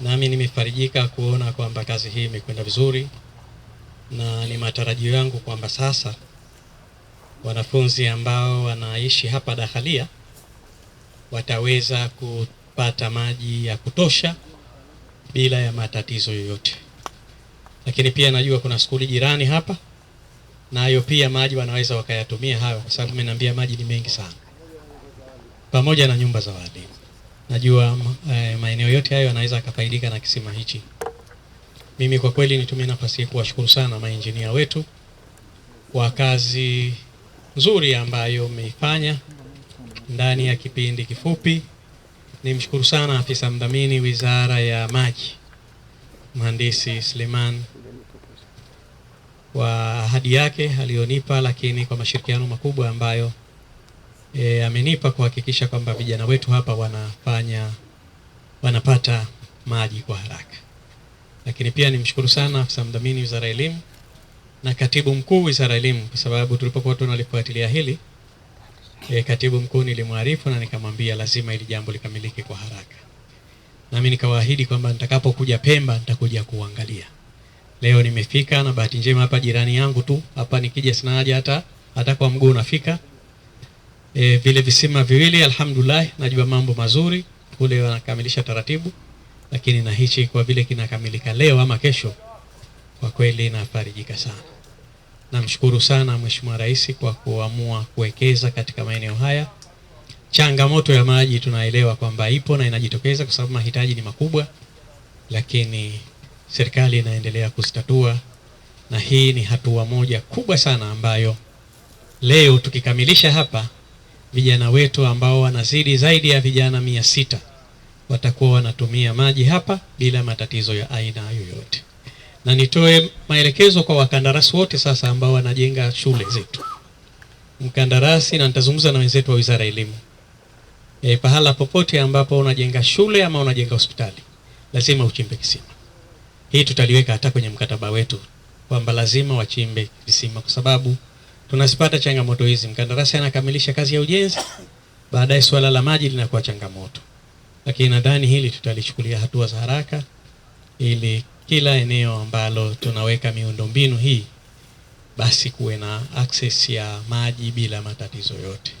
nami nimefarijika kuona kwamba kazi hii imekwenda vizuri, na ni matarajio yangu kwamba sasa wanafunzi ambao wanaishi hapa Dakhalia wataweza kupata maji ya kutosha bila ya matatizo yoyote. Lakini pia najua kuna skuli jirani hapa nayo na pia maji wanaweza wakayatumia hayo, kwa sababu mmeniambia maji ni mengi sana, pamoja na nyumba za walimu najua eh, maeneo yote hayo yanaweza akafaidika na kisima hichi. Mimi kwa kweli nitumie nafasi hii kuwashukuru sana mainjinia wetu kwa kazi nzuri ambayo mmeifanya ndani ya kipindi kifupi. Nimshukuru sana afisa mdhamini Wizara ya Maji, Mhandisi Suleiman kwa ahadi yake aliyonipa, lakini kwa mashirikiano makubwa ambayo e, amenipa kuhakikisha kwamba vijana wetu hapa wanafanya wanapata maji kwa haraka. Lakini pia nimshukuru sana afisa mdhamini wizara ya elimu na katibu mkuu wizara ya elimu, kwa sababu tulipokuwa tunalifuatilia hili e, katibu mkuu nilimwarifu na nikamwambia lazima ili jambo likamilike kwa haraka, nami nikawaahidi kwamba nitakapokuja Pemba nitakuja kuangalia. Leo nimefika na bahati njema hapa jirani yangu tu hapa, nikija sina haja hata hata kwa mguu nafika e, vile visima viwili alhamdulillah, najua mambo mazuri kule wanakamilisha taratibu, lakini na hichi kwa vile kinakamilika leo ama kesho, kwa kweli nafarijika sana. Namshukuru sana Mheshimiwa Rais kwa kuamua kuwekeza katika maeneo haya. Changamoto ya maji tunaelewa kwamba ipo na inajitokeza kwa sababu mahitaji ni makubwa, lakini serikali inaendelea kuzitatua, na hii ni hatua moja kubwa sana ambayo leo tukikamilisha hapa vijana wetu ambao wanazidi zaidi ya vijana mia sita watakuwa wanatumia maji hapa bila matatizo ya aina yoyote. Na nitoe maelekezo kwa wakandarasi wote sasa ambao wanajenga shule zetu, mkandarasi, na nitazungumza na wenzetu wa Wizara ya Elimu e, pahala popote ambapo unajenga shule ama unajenga hospitali lazima uchimbe kisima. Hii tutaliweka hata kwenye mkataba wetu kwamba lazima wachimbe visima kwa sababu tunasipata changamoto hizi. Mkandarasi anakamilisha kazi ya ujenzi, baadaye swala la maji linakuwa changamoto, lakini nadhani hili tutalichukulia hatua za haraka, ili kila eneo ambalo tunaweka miundombinu hii basi kuwe na access ya maji bila matatizo yote.